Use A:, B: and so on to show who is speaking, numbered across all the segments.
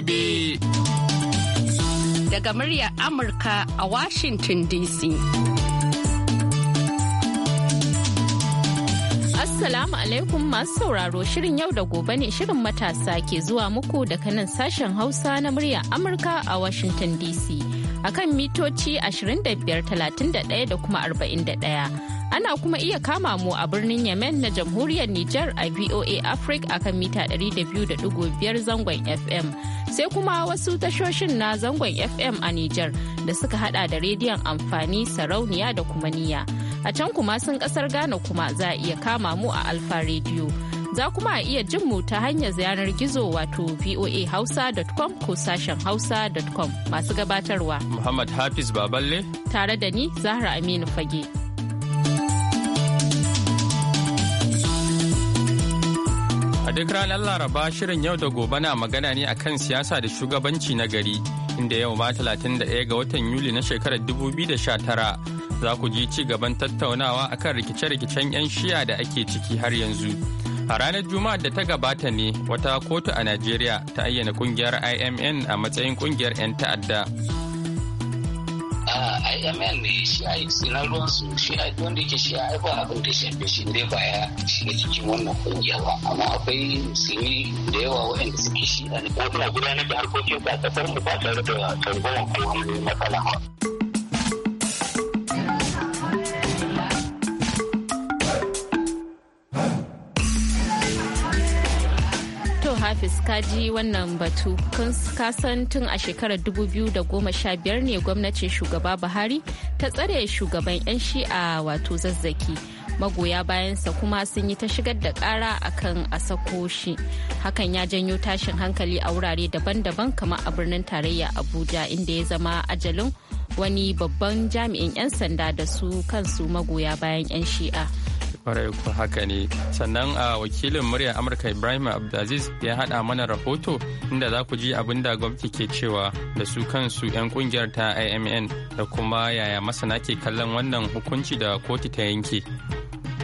A: gobe. Daga muryar Amurka a Washington DC. Assalamu alaikum masu sauraro shirin yau da gobe ne shirin matasa ke zuwa muku daga nan sashen Hausa na muryar Amurka a Washington DC. Akan mitoci 25,31 da kuma 41. ana kuma iya kama mu a birnin Yemen na jamhuriyar Nijar a VOA Africa akan mita 200.5 zangon FM sai kuma wasu tashoshin na zangon FM a Nijar da suka hada da rediyon amfani sarauniya da kuma niya. A can kuma sun kasar Ghana kuma za a iya kama mu a Alfa Radio. Za kuma a iya jin mu ta hanyar yanar gizo wato voahausa.com ko sashen hausa.com masu gabatarwa.
B: Muhammad Hafiz Baballe.
A: Tare da ni Zahra Aminu Fage.
B: A duk ranar Laraba shirin yau da gobe na magana ne akan siyasa da shugabanci na gari inda yau ma 31 ga watan Yuli na shekarar 2019 za ku ji ci gaban tattaunawa akan rikice-rikicen 'yan shiya da ake ciki har yanzu. A ranar Juma'a da ta gabata ne wata kotu a Najeriya ta ayyana kungiyar IMN a matsayin kungiyar 'yan ta'adda.
C: imn ne shi a yi ruwan su shi a wanda yake shi a ba abin da shafe shi ne baya ya shiga cikin wannan kungiya ba amma akwai musulmi da yawa wa'anda suke shi a ne. Wata gudanar da harkokin ba kasar mu ba tare da targoma ko wani matsala ba.
A: hafiz kaji wannan batu ka san tun a shekarar 2015 ne gwamnatin shugaba buhari ta tsare shugaban 'yan shi'a wato zazzaki magoya bayansa kuma sun yi ta shigar da kara a kan shi hakan ya janyo tashin hankali a wurare daban-daban kamar a birnin tarayya abuja inda ya zama ajalin wani babban jami'in 'yan sanda da su kansu magoya bayan 'yan shi'a
B: kwarai ko haka ne sannan a wakilin muryar amurka ibrahim abdulaziz ya haɗa mana rahoto inda za ku ji abin da gwamnati ke cewa da su kansu 'yan kungiyar ta imn da kuma yaya masana ke kallon wannan hukunci da kotu ta yanke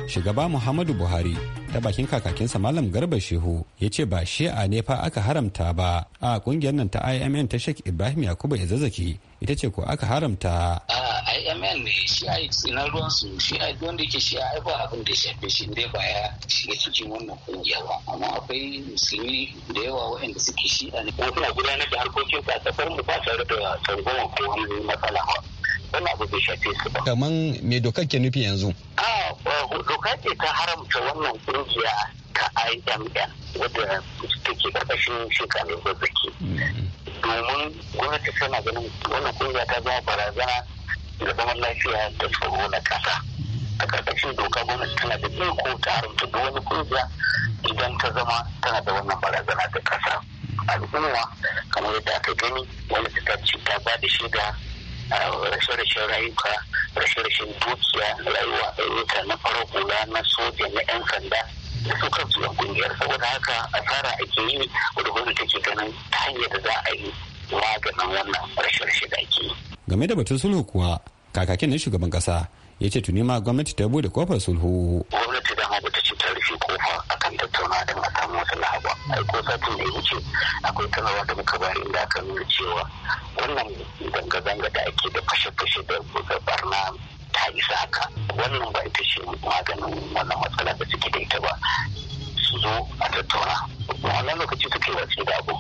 D: shugaba muhammadu buhari ta bakin kakakinsa malam garba shehu ya ce ba shi'a ne fa aka haramta ba a kungiyar nan ta imn ta shek ibrahim yakubu ya zazzaki ita ce ko aka
C: haramta. A IMN ne shi a na ruwan su shi a wanda ke shi a ba abin da shafe shi dai ba ya shiga cikin wannan kungiya ba amma akwai musulmi da yawa waɗanda suke shi a ne. Kuma gudanar da harkokin sa a kasar mu ba tare da tsangon ko wani matsala ba. wannan abu bai shafe su ba. Kaman me dokar ke nufi yanzu? A eh, doka ce ta haramta wannan kungiya ta IMN wadda take karkashin shekaru suke domin gwamnati tana ganin wannan kungiya ta zama barazana ga zaman lafiya da tsaro na kasa a karkashin doka gwamnati tana da iko ta haramta duk wani kungiya idan ta zama tana da wannan barazana da kasa al'umma kamar yadda aka gani wani ta ce ta ba da shida rashe-rashen rayuka rashe-rashen dukiya rayuwa ayyuka na farar hula na soja na 'yan sanda da su kansu yan kungiyar saboda haka asara ake yi wadda gwamnati take ganin ta hanyar da za a yi maganin wannan rashin shi da ake
D: game da batun sulhu kuwa kakakin na shugaban kasa ya ce tuni ma gwamnati ta bude kofar sulhu.
C: gwamnati dama bata ce ta rufe kofa akan tattauna don a samu wasu lahaba a ko satin da ya wuce akwai sanarwa da muka bayar da aka nuna cewa wannan zanga-zanga da ake da fashe-fashe da barna ya isa ka wannan ba ita ce maganin wannan matsala da suke da ita ba su zo a tattauna wannan lokaci suke wace da abu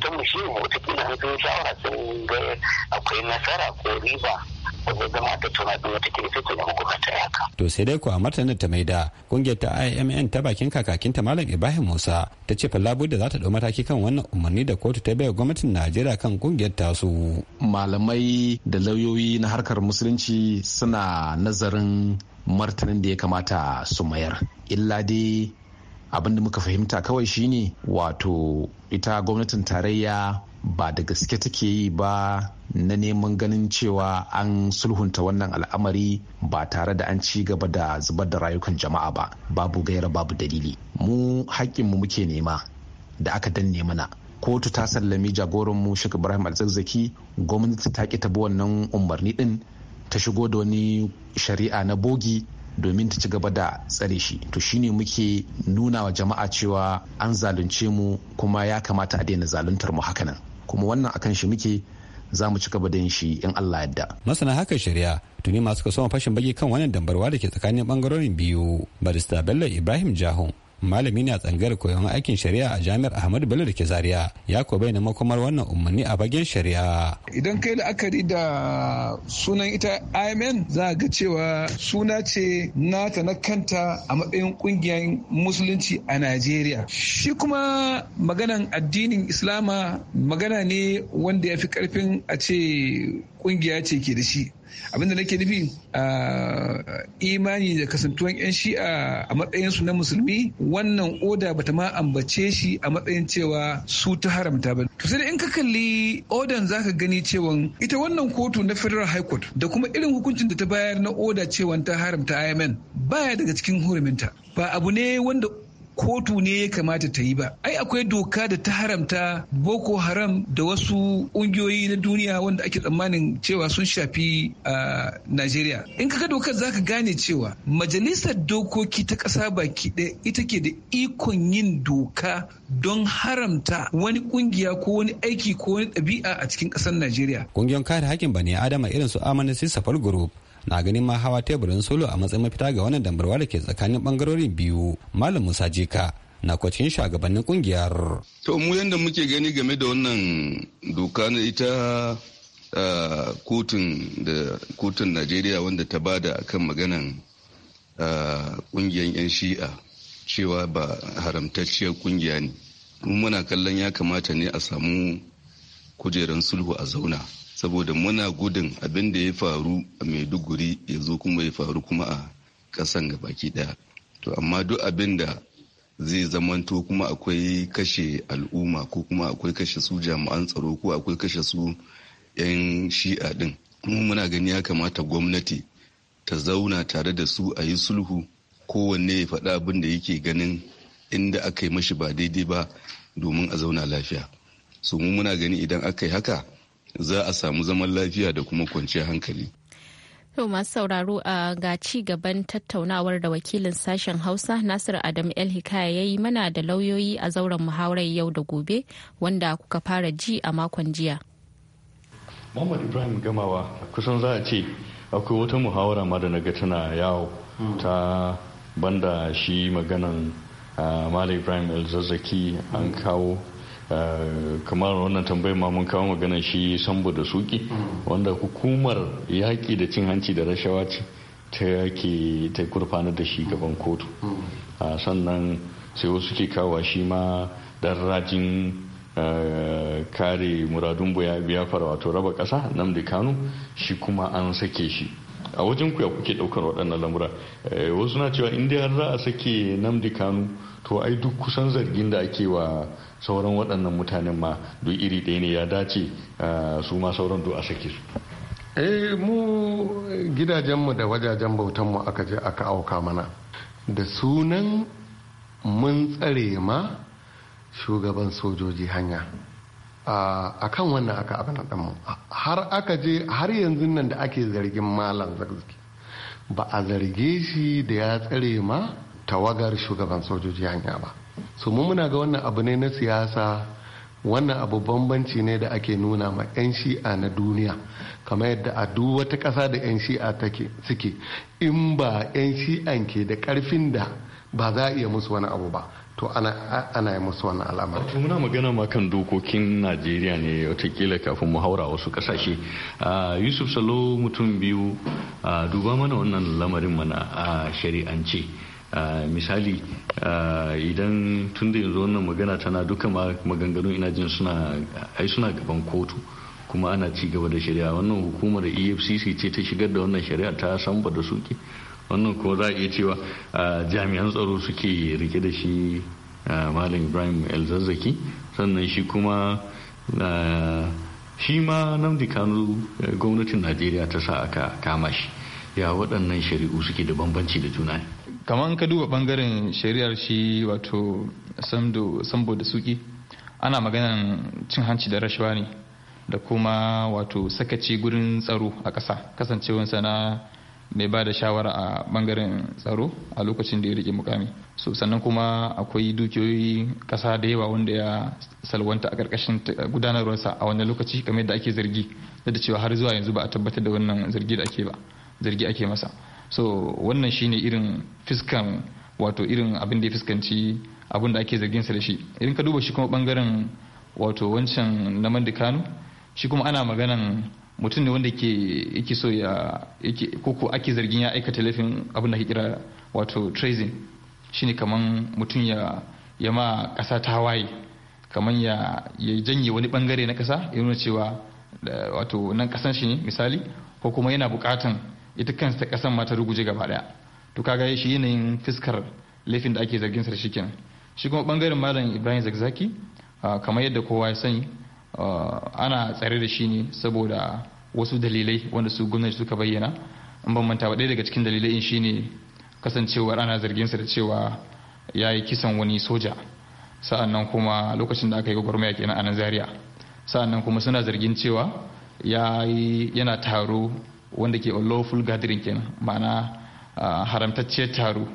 C: ta mu shi ne wata kila sun shawara sun ga akwai nasara ko riba zama da tona ɗin wata kiri sai gwamnati
D: To sai dai kuwa martanin ta maida kungiyar ta IMN ta bakin kakakin ta Malam Ibrahim Musa ta ce fallabu da za ta ɗau mataki kan wannan umarni da kotu ta bayar gwamnatin Najeriya kan kungiyar su. Malamai da lauyoyi na harkar musulunci suna nazarin martanin da ya kamata su mayar. Illa dai abin da muka fahimta kawai shine wato ita gwamnatin tarayya ba da gaske take yi ba na neman ganin cewa an sulhunta wannan al'amari ba tare da an ci gaba da zubar da rayukan jama'a ba babu gaira babu dalili mu haƙƙinmu muke nema da aka danne mana kotu ta sallami jagoranmu shek ibrahim alzazzaki gwamnati ta ƙi tabi wannan umarni ɗin, ta shigo da wani shari'a na bogi domin ta ci gaba da tsare shi to shine muke nuna wa jama'a cewa an zalunce mu kuma ya kamata a daina zaluntar mu hakanan kuma wannan akan shi muke za mu ci gaba da shi in Allah yadda. Masana haka shari'a tuni masu kasuwa fashin baki kan wannan dambarwa da ke tsakanin bangarorin biyu barista Bello Ibrahim Jahun malami ne a tsangar koyon aikin shari'a a jami'ar ahmadu bello da ke zaria ya ko bayyana makomar wannan umarni a bagen shari'a
E: idan kai la'akari da sunan ita imn za ga cewa suna ce nata na kanta a matsayin kungiyar musulunci a najeriya shi kuma maganan addinin islama magana ne wanda ya fi karfin a ce kungiya ce ke da shi abinda nake nufi imani da kasantuwan 'yan shi'a a matsayinsu na musulmi wannan oda bata ma ambace shi a matsayin cewa su ta haramta ba to sai in ka kalli odan zaka gani cewa ita wannan kotu na federal high court da kuma irin hukuncin da ta bayar na oda cewa ta haramta ayamen baya daga cikin huruminta ba abu ne wanda kotu ne ya kamata ta yi ba ai akwai doka da ta haramta boko haram da wasu ƙungiyoyi na duniya wanda ake tsammanin cewa sun shafi a najeriya in kaga dokar za ka gane cewa majalisar dokoki ta ƙasa baki ɗaya ita ke da ikon yin doka don haramta wani ƙungiya ko wani aiki ko wani ɗabi'a a cikin ƙasar najeriya
D: ƙungiyar kare haƙƙin bani adama irin su amana sisafal group na ganin ma hawa teburin solo a matsayin mafita ga wannan dambarwa da ke tsakanin bangarorin biyu malam musa jeka na kwacin shugabannin kungiyar.
E: to
F: mu yadda muke gani game da wannan doka na ita kotun da kotun najeriya wanda ta bada kan maganan kungiyar yan shi'a cewa ba haramtacciyar kungiya ne mu muna kallon ya kamata ne a samu kujeran sulhu a zauna saboda muna gudun abin da ya faru a maiduguri ya zo kuma ya faru kuma a ƙasan gabaki ɗaya to amma duk abin da zai zamanto kuma akwai kashe al'umma ko kuma akwai kashe su jami'an tsaro ko akwai kashe su 'yan shi'a din kuma muna gani ya kamata gwamnati ta zauna tare da su a yi sulhu kowanne ya faɗa abin da yake ganin inda aka yi mashi ba daidai ba domin a zauna lafiya su mu muna gani idan aka yi haka za a samu zaman lafiya da kuma kwanciyar hankali.
A: To masu sauraro a ga ci gaban tattaunawar da wakilin sashen Hausa Nasir Adam El Hikaya ya yi mana da lauyoyi a zauren muhawarar yau da gobe wanda kuka fara ji a makon jiya.
F: Muhammad Ibrahim Gamawa kusan za a ce akwai wata muhawara ma da naga tana yawo ta banda shi maganan Malam Ibrahim El Zazzaki an kawo Eh, kamar wannan tambayi ma mun kawo magana shi sambo da suki wanda hukumar yaƙi da cin hanci da rashawa ce ta yaƙi ta kurfanar da shi gaban kotu hmm. ah, sannan sai wasu ke kawo shi ma dan rajin eh, kare muradun biyafar wato raba ƙasa da kanu shi kuma an sake shi a wajen ku ya kuke ɗaukar waɗannan lamura eh, wasu na cewa inda har za a sake namdi kanu to ai duk kusan zargin da ake wa sauran waɗannan mutanen ma duk iri ɗaya ne ya dace su ma sauran duk a sake su
G: eh mu gidajenmu da wajajen bautanmu aka je aka auka mana da sunan mun tsare ma shugaban sojoji hanya a kan wannan aka abin mu har aka je har yanzu nan da ake zargin malam zarzaki ba a zarge shi da ya tsare ma tawagar shugaban sojoji hanya ba so mu muna ga wannan abu ne na siyasa wannan abu bambanci ne da ake nuna ma 'yan shi'a na duniya kamar yadda a duk wata ƙasa da 'yan shi'a take suke in ba 'yan shi'an ke da karfin da ba za a iya musu wani abu ba to ana, yi musu wani al'amari. muna magana
F: ma kan dokokin najeriya ne watakila kafin mu haura wasu kasashe yusuf salo mutum biyu duba mana wannan lamarin mana a shari'ance misali idan tun da yanzu wannan magana tana duka maganganun ina jin suna ai suna gaban kotu kuma ana ci gaba da shari'a wannan hukumar efcc ce ta shigar da wannan shari'a ta samba da suke wannan kuma za a iya cewa jami'an tsaro suke rike da shi malam ibrahim elzazzaki sannan shi kuma shi ma namdi kanu gwamnatin najeriya ta sa aka kama shi ya waɗannan shari'u suke da bambanci da juna ne kamar
H: ka duba bangaren shari'ar shi wato sambo da suki ana maganan cin hanci da rashawa ne da kuma wato sakaci gurin tsaro a ƙasa kasancewansa na mai ba da shawara a bangaren tsaro a lokacin da ya rike mukami so sannan kuma akwai dukiyoyi ƙasa da yawa wanda ya salwanta a karkashin gudanarwarsa a wannan lokaci kamar da ake zargi da cewa har zuwa yanzu ba a tabbatar da wannan zargi da ake ba zargi ake masa so wannan shine irin fiskan wato irin abin da ya fuskanci abin da ake zargin sa da shi irin ka duba shi kuma bangaren wato wancan na mandikanu shi kuma ana maganan mutum ne wanda ke yake so ya yake koko ake zargin ya aikata laifin abin da ke kira wato treason shine kaman mutum ya ma kasa ta hawaye kaman ya ya janye wani bangare na kasa ya nuna cewa wato nan kasan shi ne misali ko kuma yana bukatan ita kansa kasan ma ta ruguje gaba daya to kaga shi yanayin fiskar laifin da ake zargin sa shi kenan shi kuma bangaren malam Ibrahim Zakzaki kamar yadda kowa ya sani ana tsare da shi ne saboda wasu dalilai wanda su gwamnati suka bayyana in ban manta ba ɗaya daga cikin dalilai shine kasancewar ana zargin sa da cewa ya yi kisan wani soja sa'annan kuma lokacin da aka yi gwagwarmaya kenan a nan zaria sa'annan kuma suna zargin cewa yana taro wanda ke lawful gathering kenan ma'ana haramtacciyar taro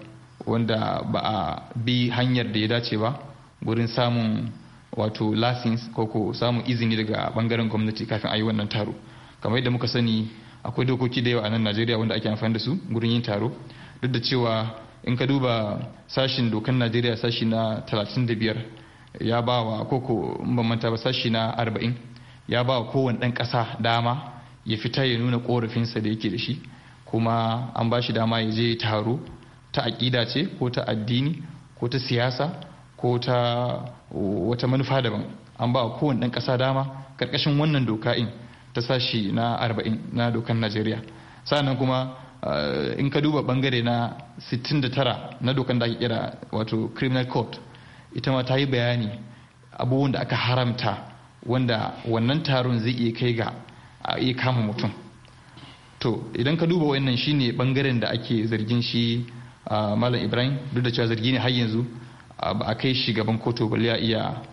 H: wanda ba a bi hanyar da ya dace ba gurin samun wato license ko ko samun izini daga bangaren gwamnati kafin a yi wannan taro kamar yadda muka sani akwai dokoki da yawa a nan najeriya wanda ake amfani da su gurin yin taro duk da cewa in ka duba sashin dokan najeriya sashi na 35 ya ba wa koko bambanta ba sashi na 40 ya ba wa kowane ɗan ƙasa dama ya fita ya nuna korafinsa da yake da shi kuma an ba shi dama ya je taro ta aƙida ce ko ta addini ko ta siyasa ko ta wata manufa daban an ba kowane ɗan ƙasa dama ƙarƙashin wannan doka in ta sashi na arba'in na dokan najeriya sannan kuma eh, in ka duba bangare na 69 na dokan da ake kira wato criminal court ita ma ta yi bayani abubuwan da aka haramta wanda wannan taron zai iya kai ga a iya kama mutum to idan ka duba wannan shine bangaren da ake zargin shi a malam ibrahim duk da cewa zargi ne har yanzu ba a kai shi gaban kotu ba ya iya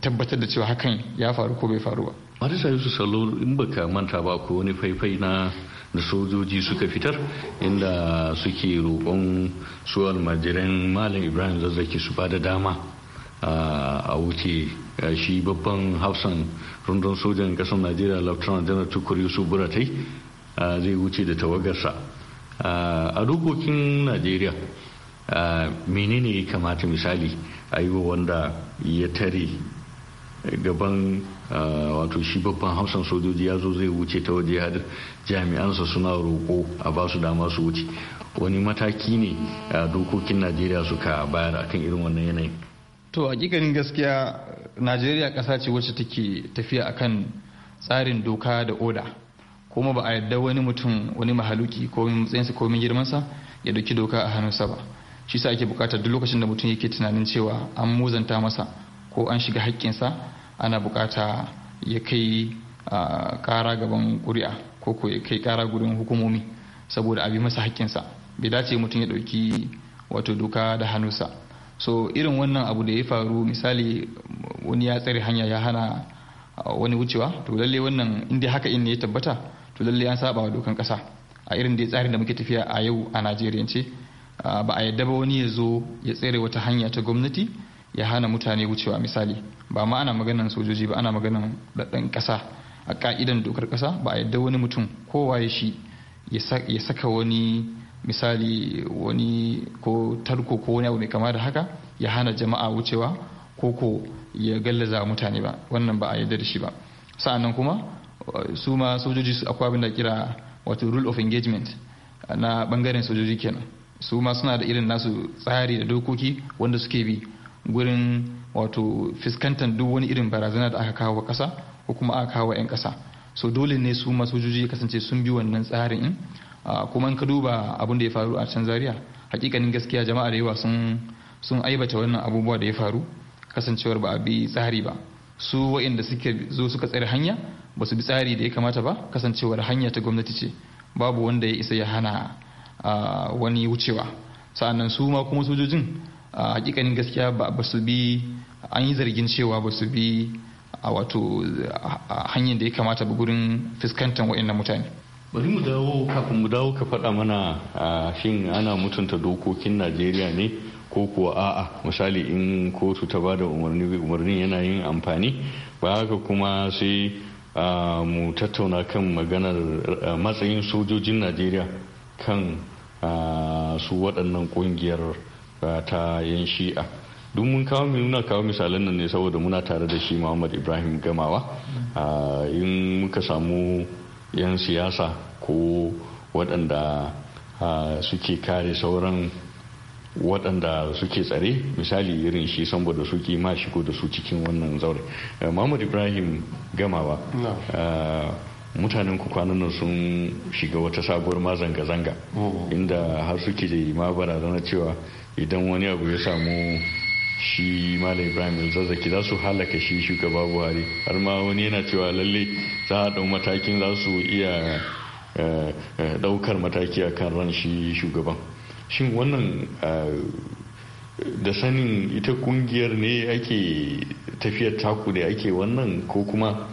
H: tabbatar da cewa hakan ya faru ko bai faru ba
F: marisa yusuf salo in baka manta ba ko wani faifai na da sojoji suka fitar inda suke roƙon su almajiran malam ibrahim zazzaki su ba da dama a wuce shi babban hafsan rundun sojan kasar najeriya lieutenant general tukur yusuf buratai zai wuce da tawagarsa a dokokin najeriya menene ya kamata misali a yi wanda ya tare gaban wato shi babban hausan sojoji ya zo zai wuce ta waje ya jami'ansa suna roƙo a ba su dama su wuce wani mataki ne dokokin najeriya suka bayar akan irin wannan yanayin
H: to hakikanin gaskiya najeriya kasa ce wacce take tafiya akan tsarin doka da oda kuma ba a yadda wani mutum wani mahaluki ko matsayinsa ko girmansa ya doki doka a hannunsa ba shi sa ake bukatar duk lokacin da mutum yake tunanin cewa an muzanta masa ko an shiga haƙƙinsa ana bukata ya kai ƙara gaban ƙuri'a ko ko ya kai kara gurin hukumomi saboda a bi masa haƙƙinsa bai dace mutum ya ɗauki wato doka da hannunsa so irin wannan abu da ya faru misali wani ya tsare hanya ya hana wani wucewa to lalle wannan inda haka in ya tabbata to lalle an saba wa dokan kasa a irin da tsarin da muke tafiya a yau a ce ba a yadda ba wani ya zo ya tsere wata hanya ta gwamnati ya hana mutane wucewa misali ba ma ana maganan sojoji ba ana maganan ɗan kasa a ka'idan dokar kasa ba a yadda wani mutum kowa ya shi ya saka wani misali wani ko tarko ko wani abu mai kama da haka ya hana jama'a wucewa ko ko ya gallaza mutane ba wannan ba a yi da shi ba sa'annan kuma eh, su ma sojoji akwai abin da kira wato rule of engagement na bangaren sojoji kenan su ma suna da irin nasu tsari da dokoki wanda suke bi gurin wato fuskantar duk wani irin barazana da aka kawo kasa ko kuma aka kawo 'yan kasa so dole ne su ma sojoji kasance sun bi wannan tsarin Ah, kuma in ka duba abin da ya faru a can zaria hakikanin gaskiya jama'a da yawa sun aibata wannan abubuwa da ya faru kasancewar ba a bi tsari ba su waɗanda suke zo suka tsare hanya ba su bi tsari da ya kamata ba kasancewar hanya ta gwamnati ce babu wanda ya isa ya hana ah, wani wucewa sa'annan su ma kuma sojojin ah, hakikanin gaskiya ba su bi an yi zargin cewa ba su bi a wato hanyar da ya kamata ba gurin fuskantar waɗannan mutane
F: bari mu dawo kafin mu dawo ka faɗa mana a shin ana mutunta dokokin najeriya ne ko kuwa a'a misali in kotu ta bada umarni umarnin yana yin amfani ba haka kuma sai mu tattauna kan maganar matsayin sojojin najeriya kan su waɗannan ƙungiyar ta yan shi'a duk mun kawo nuna kawo misalan nan ne saboda muna tare da shi muhammad ibrahim gamawa in muka samu 'yan siyasa ko waɗanda suke kare sauran waɗanda suke tsare misali irin shi saboda su ma shigo da su cikin wannan zaure eh, mahmud ibrahim gamawa mutanen ku kwanan sun shiga wata sabuwar ma zanga-zanga oh. inda har suke da ma barazana cewa idan wani abu ya samu shi malam ibrahim zazzaki za su halaka shi shugaba buhari har ma wani yana cewa lalle za a dau matakin za su iya eh, eh, ɗaukar mataki a kan ran shi shugaban shin wannan eh, da sanin ita kungiyar ne ake tafiyar taku da ake wannan ko kuma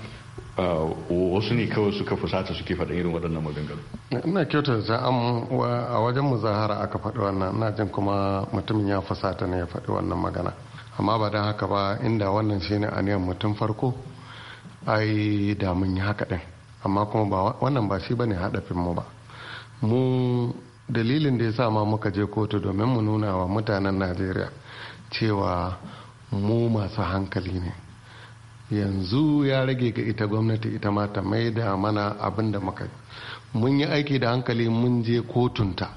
F: Uh, wasu ne kawai suka fusata suke faɗa irin waɗannan maganganu
G: ina kyautar za a wajen muzahara aka faɗi wannan ina jin kuma mutumin ya fusata ne ya faɗi wannan magana amma ba don haka ba inda wannan shine niyan mutum farko ai da mun yi haka ɗin amma kuma wannan ba shi bane haɗafin mu ba mu dalilin da ya sa ma muka je kotu domin mu nuna wa mutanen najeriya cewa mu masu hankali ne yanzu ya rage ga ita gwamnati ita ma ta maida mana abin da muka mun yi aiki da hankali mun je kotunta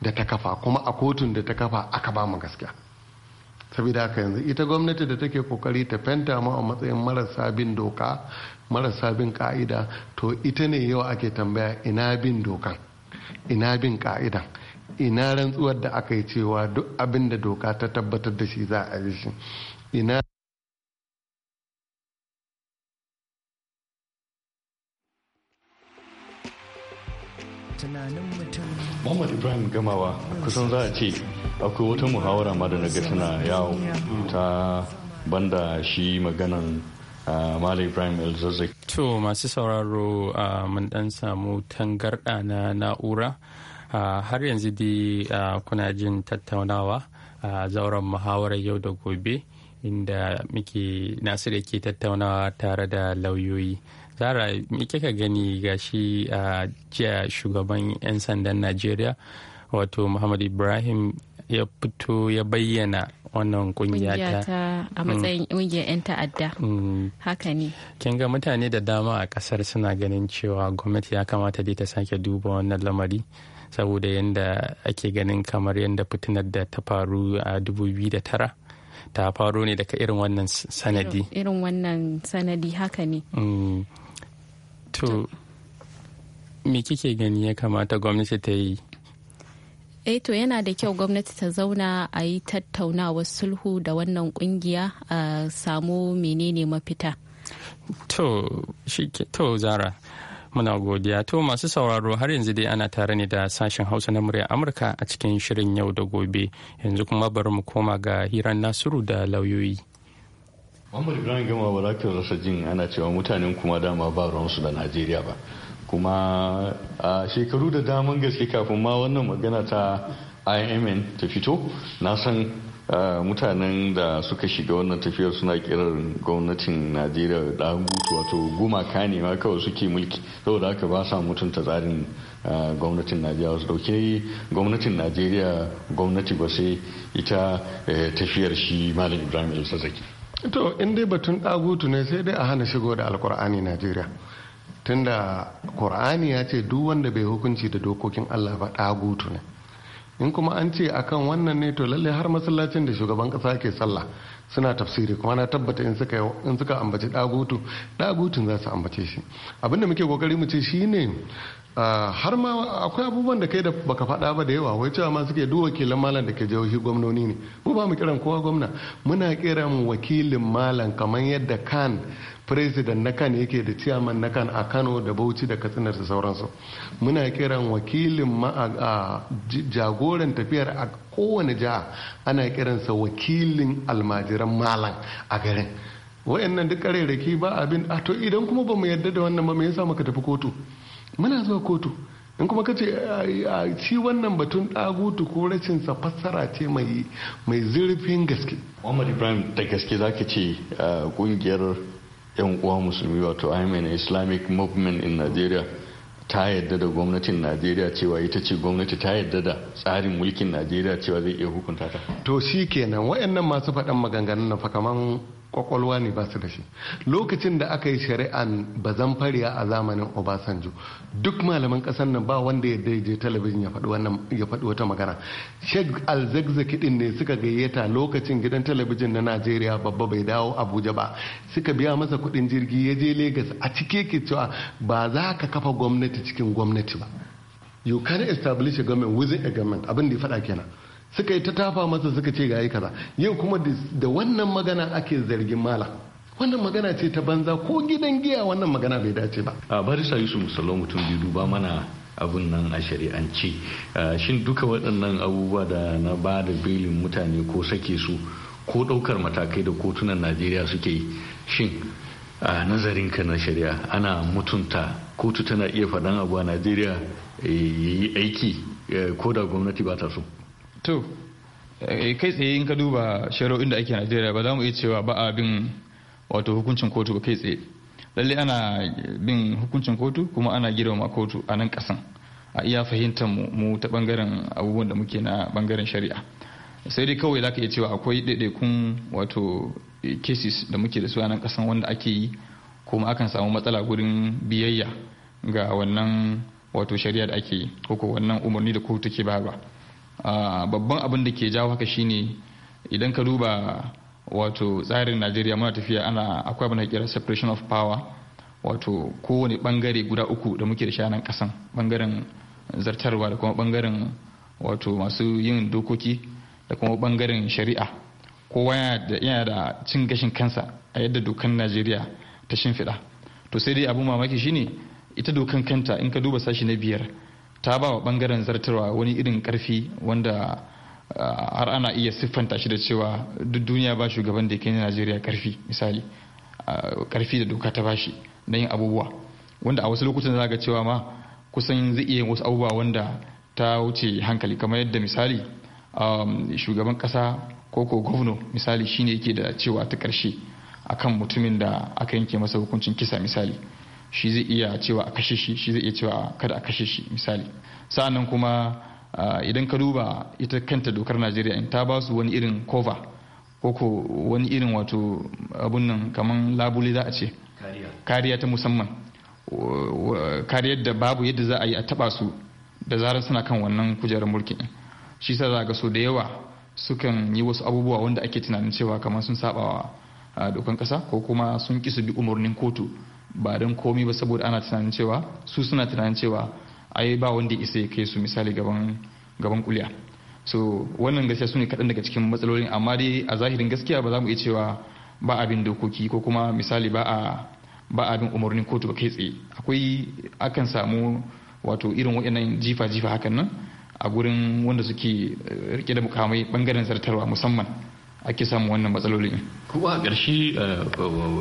G: da ta kafa kuma a kotun da ta kafa aka ba mu gaskiya saboda haka yanzu ita gwamnati da take kokari ta fenta mu a matsayin marasa bin doka marasa bin ka'ida to ita ne yau ake tambaya ina bin dokan ina bin ka'idan ina rantsuwar da aka yi cewa duk abin da doka ta tabbatar da shi za a yi shi ina
F: Muhammad Ibrahim Gamawa kusan za a ce akwai wata muhawara ma da na ga tana yawo ta banda shi maganan ah, mali Ibrahim Elzazik.
B: To masu sauraro ah, mun dan samu tangarɗa na na'ura ah, har yanzu dai kuna jin tattaunawa a zauren muhawarar yau da gobe inda muke nasu da ke tattaunawa tare da lauyoyi. zara me kika gani ga shi a jiya shugaban 'yan sandan najeriya wato muhammad ibrahim ya fito ya bayyana wannan kungiya ta
A: a mm. matsayin kungiyar 'yan ta'adda
B: mm. haka ne kin ga mutane da dama a kasar suna ganin cewa gwamnati ya kamata dai ta sake duba wannan lamari saboda yadda ake ganin kamar yadda fitinar da ta faru a 2009 ta faro ne daga irin wannan sanadi
A: irin wannan sanadi haka ne
B: mm. to me kike gani ya kamata gwamnati ta yi
A: eh to yana da kyau gwamnati ta zauna a yi tattaunawar sulhu da wannan kungiya a samu menene mafita
B: to shi to zara muna godiya to masu sauraro har yanzu dai ana tare ne da sashen hausa na murya amurka a cikin shirin yau da gobe yanzu kuma bari mu koma ga hiran nasiru da lauyoyi
F: Muhammad Ibrahim Gama ba za ka rasa jin ana cewa mutanen kuma dama ba ruwansu da Najeriya ba. Kuma a shekaru da daman gaske kafin ma wannan magana ta IMN ta fito na san mutanen da suka shiga wannan tafiyar suna kirar gwamnatin najeriya da hutu wato gumaka ne ma kawai suke mulki saboda haka ba sa mutunta tsarin gwamnatin najeriya wasu dauke gwamnatin najeriya gwamnati ba sai ita eh, tafiyar shi malam ibrahim el
G: to in dai batun ɗagutu ne sai dai a hana shigo da alkur'ani najeriya tunda kur'ani ya ce duk wanda bai hukunci da dokokin allah ba dagutu ne in kuma an ce akan wannan ne to lalle har masallacin da shugaban kasa ke sallah suna tafsiri kuma na tabbata in suka in suka ambaci dagutu dagutun za su ambace shi abinda muke kokari mu ce shine Ah, har ma akwai abubuwan da kai da baka faɗa ba da yawa wai cewa ma suke duk wakilan malam da ke jihohi gwamnoni ne mu ba mu kiran kowa gwamna muna kiran wakilin malam kamar yadda kan president na kan yake da ciyaman na kan a kano da bauchi da katsina da sauransu muna kiran wakilin a ah, ah, jagoran tafiyar a kowane jiha ana kiransa wakilin almajiran malam a garin wayannan duk karerake ba abin a to idan kuma ba mu yarda da wannan ba me yasa muka tafi kotu muna zuwa kotu in kuma kace a ci wannan batun ɗagutu ko rashin sa fassara ce mai zurfin gaske
F: Muhammad Ibrahim da gaske zaka ce kungiyar yan uwa musulmi wato IMN Islamic Movement in Nigeria ta yadda da gwamnatin Najeriya cewa ita ce gwamnati ta yadda da tsarin mulkin Najeriya cewa zai iya hukunta ta
G: to kenan waɗannan masu faɗan maganganun na fa kaman kwakwalwa ne ba su da shi lokacin da aka yi shari'an bazan fariya a zamanin obasanjo duk malaman kasar nan ba wanda ya daidai talabijin ya faɗi wata magana sheik alzagzaki din ne suka gayyata lokacin gidan talabijin na najeriya babba bai dawo abuja ba suka biya masa kuɗin jirgi ya je Legas a cike ke cewa ba za ka kafa gwamnati cikin gwamnati ba you can establish a government within a government abin da ya faɗa kenan suka yi ta tafa masa suka ce ga yi kaza yau kuma da wannan magana ake zargin mala wannan magana ce ta banza ko gidan giya wannan magana bai dace ba
F: a barisa yusuf musallau mutum biyu duba mana abun nan a shari'ance shin duka waɗannan abubuwa da na ba da belin mutane ko sake su ko ɗaukar matakai da kotunan najeriya suke yi shin a nazarinka na shari'a ana mutunta kotu tana iya faɗan abu najeriya eh, ya yi aiki eh, ko da gwamnati ba ta so to eh,
H: kai tsaye in ka duba shari'o'in da ake najeriya ba za mu iya cewa ba a bin wato hukuncin kotu ba kai tsaye lalle ana bin hukuncin kotu kuma ana girma kotu a nan kasan a iya fahimtar mu ta bangaren abubuwan da muke na bangaren shari'a sai dai kawai za ka iya cewa akwai ɗaiɗaikun wato cases da muke da su a nan kasan wanda ake yi kuma akan samu matsala gurin biyayya ga wannan wato shari'a da ake yi ko wannan umarni da kotu take ba ba babban abin da ke jawo haka shine idan ka duba wato tsarin najeriya muna tafiya ana akwai abin da kira separation of power wato kowane bangare guda uku da muke da shi nan kasan bangaren zartarwa da kuma bangaren wato masu yin dokoki da kuma bangaren shari'a kowa yana da cin gashin kansa a yadda dokan najeriya ta shimfiɗa to sai dai abin mamaki shine ita dokan kanta in ka duba sashi na biyar ta ba wa bangaren zartarwa wani irin karfi wanda har ana iya siffanta shi da cewa duk duniya ba shugaban da ke najeriya karfi misali karfi da doka ta bashi na yin abubuwa wanda a wasu lokutan za ga cewa ma kusan zai iya wasu abubuwa wanda ta wuce hankali kamar yadda misali shugaban kasa ko ko misali shine yake da cewa ta karshe akan mutumin da aka yanke masa hukuncin kisa misali shi zai iya cewa a kashe shi shi zai iya cewa kada a kashe shi misali sa'annan kuma idan ka duba ita kanta dokar najeriya in ta ba su wani irin cover ko ko wani irin wato abun nan kamar labule za a ce kariya ta musamman kariyar da babu yadda za a yi a taba su da zarar suna kan wannan kujerar mulki shi sa za ga so da yawa sukan yi wasu abubuwa wanda ake tunanin cewa kamar sun saba wa dokan kasa ko kuma sun ki bi umarnin kotu ba don komi ba saboda ana tunanin cewa su suna tunanin cewa ai ba wanda ya isa ya kai su misali gaban gaban kuliya so wannan gaskiya su ne kaɗan daga cikin matsalolin amma dai a zahirin gaskiya ba za mu iya cewa ba abin dokoki ko kuma misali ba a abin umarnin kotu ba kai tsaye akwai akan samu wato irin waɗannan jifa-jifa hakan nan a gurin wanda suke eh, rike da mukamai bangaren zartarwa musamman ake samu wannan matsalolin
F: kuma a ƙarshe eh,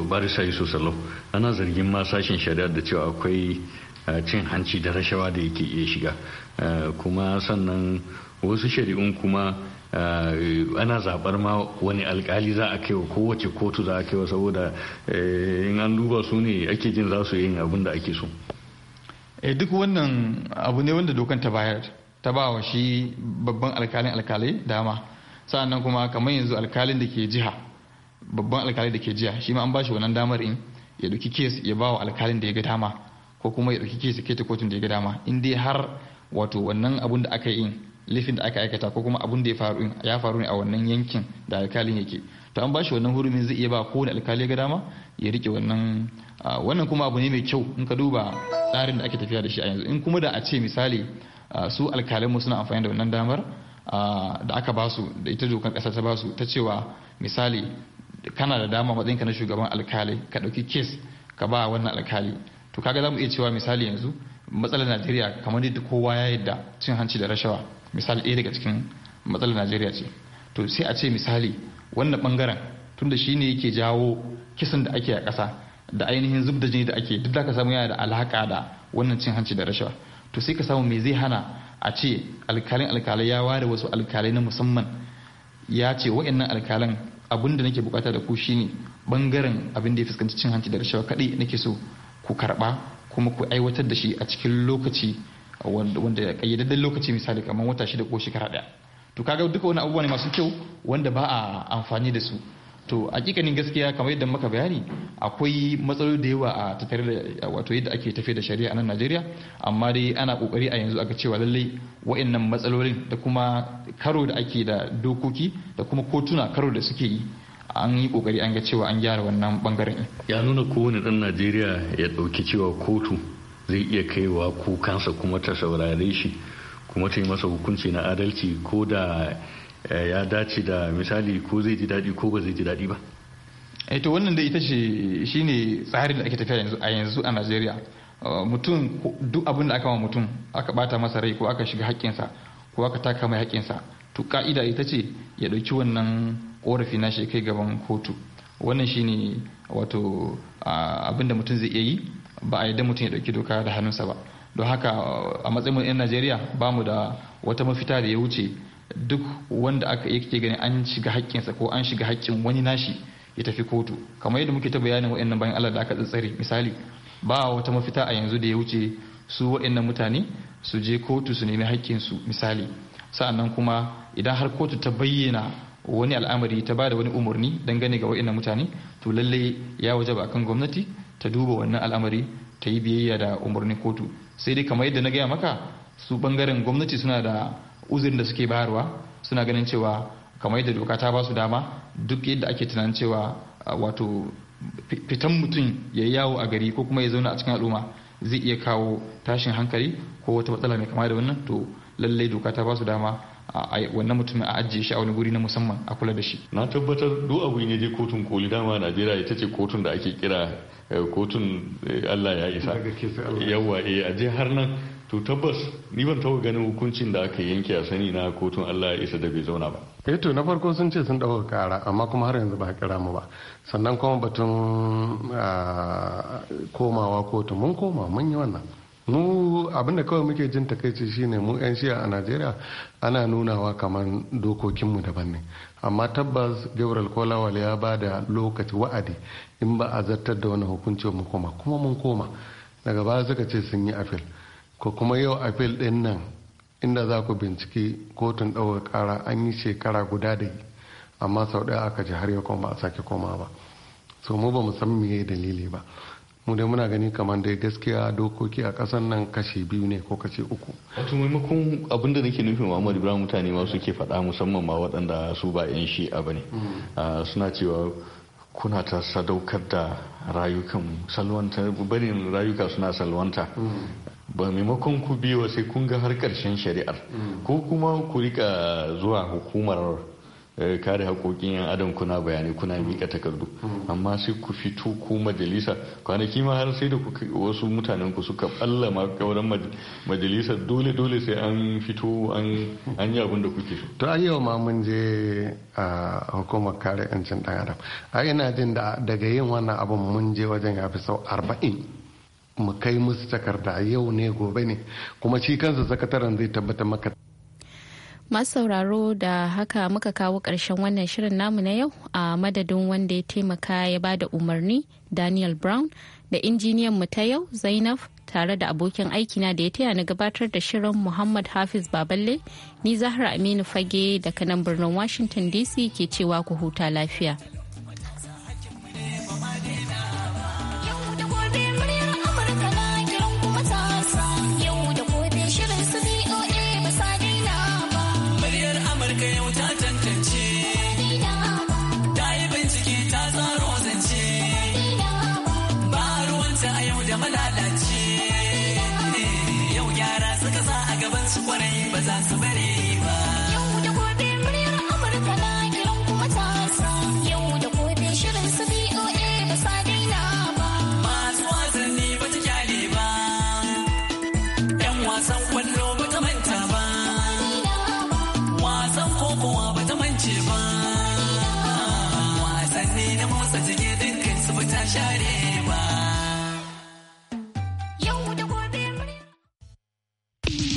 F: barisa yusuf salo ana zargin ma sashen shari'a da cewa akwai eh, cin hanci da rashawa da yake iya shiga eh, kuma sannan wasu shari'un kuma ana zabar ma wani alkali za a kaiwa kowace kotu za a kaiwa saboda in an duba su ne ake jin za su yin abin da ake so
H: duk wannan abu ne wanda dokan ta bayar ta ba wa shi babban alkalin alkalai dama nan kuma kamar yanzu alkalin da ke jiha babban alkalin da ke jiha shi ma an ba shi wannan damar in ya dauki kes ya ba wa alkalin da ya ga dama ko kuma ya dauki kes ya ta kotun da ya ga dama in dai har wato wannan abun da aka yi in laifin da aka aikata ko kuma abun da ya faru ya faru ne a wannan yankin da alkalin yake to an bashi wannan hurumin zai iya ba kowane alkali ga dama ya rike wannan wannan kuma abu ne mai kyau in ka duba tsarin da ake tafiya da shi a yanzu in kuma da a ce misali su alkalin mu suna amfani da wannan damar da aka ba su da ita dokan kasa ta ba su ta cewa misali kana da dama matsayinka na shugaban alkali ka ɗauki kes ka ba wannan alkali to kaga za mu iya cewa misali yanzu matsalar najeriya kamar yadda kowa ya yadda cin hanci da rashawa misali ɗaya daga cikin matsalar najeriya ce to sai a ce misali wannan bangaren tunda shi ne yake jawo kisan da ake a ƙasa da ainihin zub da jini da ake duk da ka samu yana da alaƙa da wannan cin hanci da rashawa to sai ka samu me zai hana a ce alkalin alkalai ya ware wasu alkalai na musamman ya ce wa'annan alkalan abin da nake bukata da ku shine bangaren abin da ya fuskanci cin hanci da rashawa kadai nake so ku karɓa kuma ku aiwatar da shi a cikin lokaci wanda ya kayyadadden lokaci misali kamar wata shida ko shekara daya to kaga duka wani abubuwa ne masu kyau wanda ba a amfani da su to hakikanin gaskiya kamar yadda muka bayani akwai matsaloli da yawa a tattare da wato yadda ake tafe da shari'a a nan Najeriya amma dai ana kokari a yanzu aka cewa lallai wa'annan matsalolin da kuma karo da ake da dokoki da kuma kotuna karo da suke yi an yi kokari an ga cewa an gyara wannan bangaren
F: ya nuna kowane dan Najeriya ya dauki cewa kotu zai iya kaiwa kukansa kuma ta saurare shi kuma ta yi masa hukunci na adalci ko da Eh, ya dace da misali ko zai ji daɗi ko ba zai ji daɗi ba
H: eh to wannan da ita ce shine tsarin da ake tafiya yanzu a yanzu a Najeriya eh, mutum duk abin da aka ma mutum aka bata masa rai ko aka shiga haƙƙinsa ko aka taka mai haƙƙinsa to ka'ida ita ce ya ɗauki wannan ƙorafi na shi kai gaban kotu wannan shine wato abin da mutum zai iya yi ba a yadda mutum ya ɗauki doka da hannunsa ba don haka a matsayin 'yan najeriya ba mu da wata mafita da ya wuce duk wanda aka yake gani an shiga haƙƙinsa ko an shiga haƙƙin wani nashi ya tafi kotu kamar yadda muke ta bayanin waɗannan bayan Allah da aka tsare misali ba wata mafita a yanzu da ya wuce su waɗannan mutane su je kotu su nemi haƙƙinsu misali sa'annan kuma idan har kotu ta bayyana wani al'amari ta bada wani umarni gane ga waɗannan mutane to lallai ya wajaba akan gwamnati ta duba wannan al'amari ta yi biyayya da umarnin kotu sai dai kamar yadda na gaya maka su bangaren gwamnati suna da uzurin da suke bayarwa suna ganin cewa kamar yadda doka ta ba su dama duk yadda ake tunanin cewa wato fitan mutum ya yi yawo a gari ko kuma ya zauna a cikin al'umma zai iya kawo tashin hankali ko wata matsala mai kama da wannan to lallai doka ta ba su dama a wannan mutumin a ajiye shi a wani guri na musamman
F: a kula da shi. Na tabbatar duk abu ne dai kotun koli dama a Najeriya ita ce kotun da ake kira eh, kotun eh, Allah ya isa. Yawwa eh a je har nan to tabbas ni ban taɓa ganin hukuncin da aka yanke a sani na kotun Allah ya isa da bai zauna ba
G: eh to na farko sun ce sun ɗauka kara amma kuma har yanzu ba a kira mu ba sannan kuma batun komawa kotu mun koma mun yi wannan mu abinda kawai muke jin takaici shine mu 'yan shiya a najeriya ana nunawa kamar dokokinmu daban ne amma tabbas gabriel kolawal ya ba da lokaci wa'adi in ba a zartar da wani hukuncin mu koma kuma mun koma daga baya suka ce sun yi afil ko kuma yau apel ɗin nan inda za ku binciki kotun ɗaukar ƙara an yi shekara guda da yi amma sau ɗaya aka ji har ya ba a sake koma ba so mu ba mu san me dalili ba mu dai muna gani kamar dai gaskiya dokoki a ƙasar nan kashe biyu ne ko kashe uku
F: wato maimakon abin da nake nufin muhammad ibrahim mutane ma suke faɗa musamman ma waɗanda su ba 'yan shi'a ba ne mm. ah, suna cewa kuna ta sadaukar da rayukan salwanta barin rayuka suna salwanta mm. ba maimakon ku biyo sai kun ga har karshen shari'ar mm. ko kuma ku rika zuwa hukumar eh, kare haƙoƙin 'yan adam kuna bayanai kuna mm. miƙa takardu mm. amma sai ku fito ku majalisa kwanaki ma har sai da wasu mutanen ku suka balla ma kauran majalisa dole dole sai an fito an yi abin da kuke so
G: to a ma mun je a hukumar kare 'yancin ɗan adam a ina jin da daga yin wannan abin mun je wajen ya fi sau arba'in mu kai musu takarda yau ne gobe ne kuma shi kansa sakataren zai tabbatar maka
A: masu sauraro da haka muka kawo ƙarshen wannan shirin namu na yau a madadin wanda ya taimaka ya ba da umarni daniel brown da injiniyan mu ta yau zainab tare da abokin aikina da ya taya na gabatar da shirin muhammad hafiz baballe ni zahra aminu fage daga nan birnin washington dc ke cewa ku huta lafiya